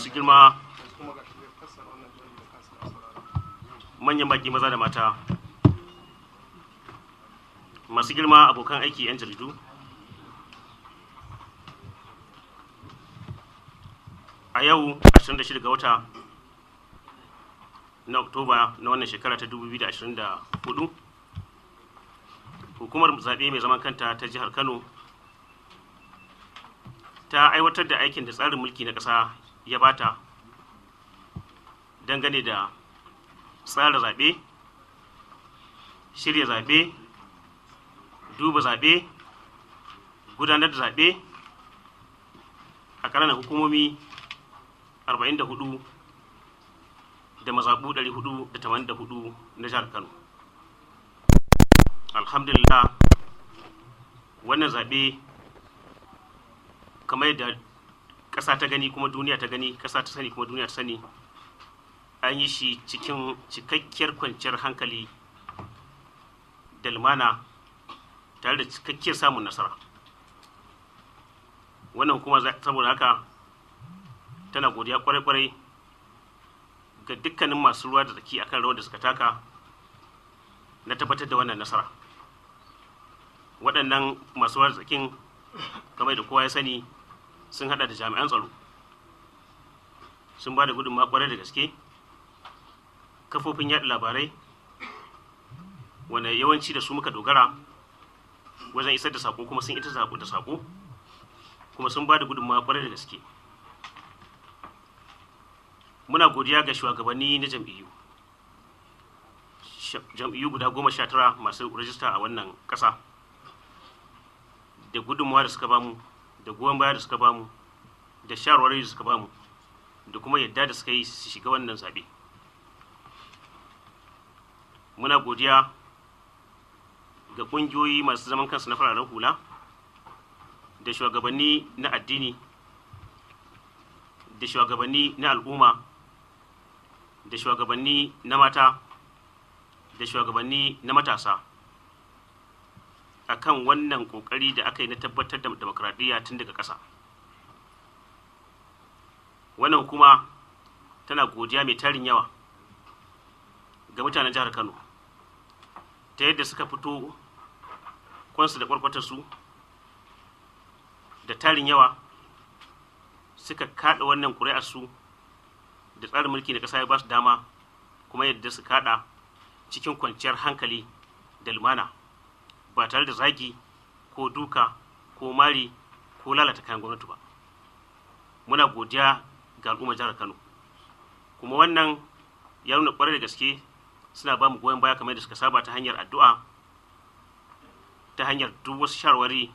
masu girma manyan baki maza da mata masu girma abokan aiki 'yan jaridu a yau 26 ga wata na oktoba na wannan shekara ta 2024 hukumar zaɓe mai zaman kanta ta jihar kano ta aiwatar da aikin da tsarin mulki na ƙasa ya bata dangane da tsara zaɓe shirya zaɓe duba zaɓe gudanar da zaɓe a ƙananan hukumomi 44 da mazaɓu 484 na jihar kano alhamdulillah wannan zaɓe kamar yadda ƙasa ta gani kuma duniya ta gani ƙasa ta sani kuma duniya ta sani an yi shi cikin cikakkiyar kwanciyar hankali da lumana tare da cikakkiyar samun nasara wannan kuma saboda haka tana godiya kwarai-kwarai ga dukkanin masu ruwa da tsaki akan rawar da suka taka na tabbatar da wannan nasara waɗannan masu ruwa da tsakin kamar da kowa ya sani sun hada da jami'an tsaro sun ba da gudunmawa kwarai da gaske kafofin yaɗa labarai wanda yawanci da su muka dogara wajen isar da sako kuma sun ita da sako kuma sun ba da gudunmawa kwarai da gaske muna godiya ga shugabanni na jam'iyyu jam'iyyu guda goma sha tara masu rajista a wannan ƙasa da gudunmawa da suka bamu da goyon baya da suka bamu da shawarwari da suka bamu da kuma yadda da suka yi su shiga wannan zaɓe muna godiya ga ƙungiyoyi masu zaman kansu na fararen hula da shugabanni na addini da shugabanni na al'umma da shugabanni na mata da shugabanni na matasa A kan wannan kokari da aka yi na tabbatar da demokradiyya tun daga ƙasa wannan kuma tana godiya mai tarin yawa ga mutanen jihar kano ta yadda suka fito kwansu da su da tarin yawa suka kada wannan su da tsarin mulki da ƙasa ya ba su dama kuma yadda su kada cikin kwanciyar hankali da lumana ba tare da zagi ko duka ko mari ko lalata kayan gwamnati ba muna godiya ga al'ummar jihar kano kuma wannan ya nuna kwarai da gaske suna ba mu goyon baya kamar da suka saba ta hanyar addu'a ta hanyar duk wasu sharwari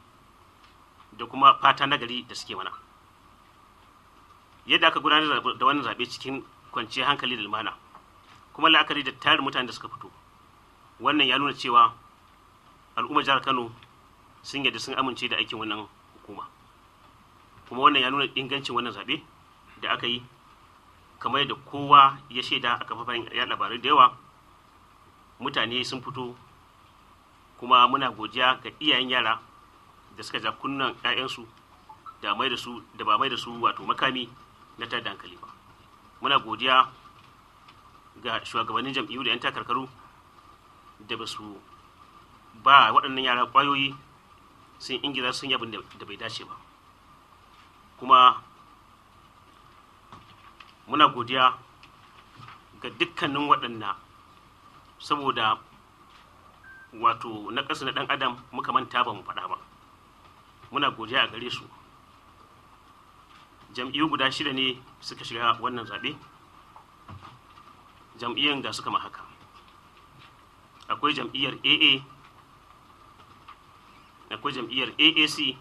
da kuma fata nagari da suke mana yadda aka gudanar da wannan zaɓe cikin kwanciyar hankali da lumana kuma la'akari da tarin mutane da suka fito wannan ya nuna cewa al'ummar jihar kano sun yadda sun amince da aikin wannan hukuma kuma wannan ya nuna ingancin wannan zaɓe da aka yi kamar da kowa ya shaida a kafafen ya labarai da yawa mutane sun fito kuma muna godiya ga iyayen yara da suka ja kunnan 'ya'yansu da mai da su da ba mai da su wato makami na tada hankali ba muna godiya ga shugabannin jam'iyyu da 'yan takarkaru da ba ba waɗannan yara ƙwayoyi sun ingila sun yabin da bai dace ba kuma muna godiya ga dukkanin waɗanda saboda wato na ƙasa na ɗan adam muka manta ba mu faɗa ba muna godiya a gare su jam'iyyu guda shida ne suka shiga wannan zaɓe jam'iyyar da suka ma haka akwai jam'iyyar aa akwai jam'iyyar aac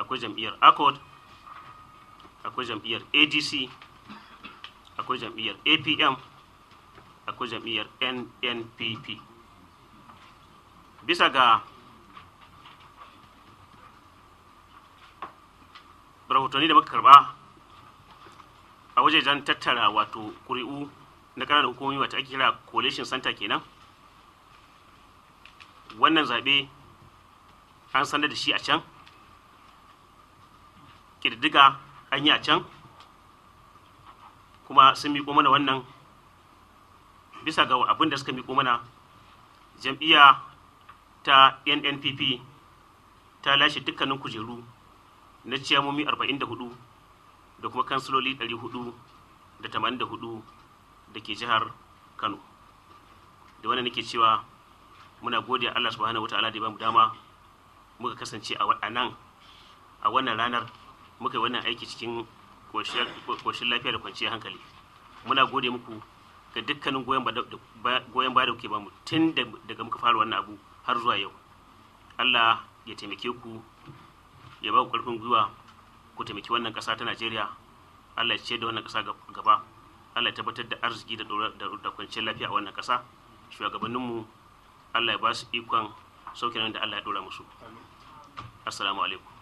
akwai jam'iyyar accord akwai jam'iyyar adc akwai jam'iyyar apm akwai jam'iyyar nnpp bisa ga rahotanni da muka karba a wajejen tattara wato kuri'u na ƙananan hukumomi wata ake kira coalition center kenan wannan zaɓe an sanar da shi a can ƙirdiga an yi a can kuma sun miƙo mana wannan bisa ga abin da suka miƙo mana jam'iyya ta nnpp ta lashe dukkanin kujeru na ciyamomi 44 da kuma kansiloli 484 da ke jihar kano da wannan nake cewa muna gode Allah subhanahu ala da ba mu dama muka kasance a nan a wannan ranar muka yi wannan aiki cikin koshin lafiya da kwanciyar hankali muna gode muku ga dukkanin goyon baya da kuke bamu tun daga muka fara wannan abu har zuwa yau allah ya taimake ku ya ba ku karfin gwiwa ku taimaki wannan ƙasa ta najeriya allah ya ce da wannan ƙasa gaba allah ya tabbatar da arziki da kwanciyar lafiya a wannan ƙasa shugabanninmu allah ya ba su ikon sauke nan da Allah ya dora musu assalamu alaikum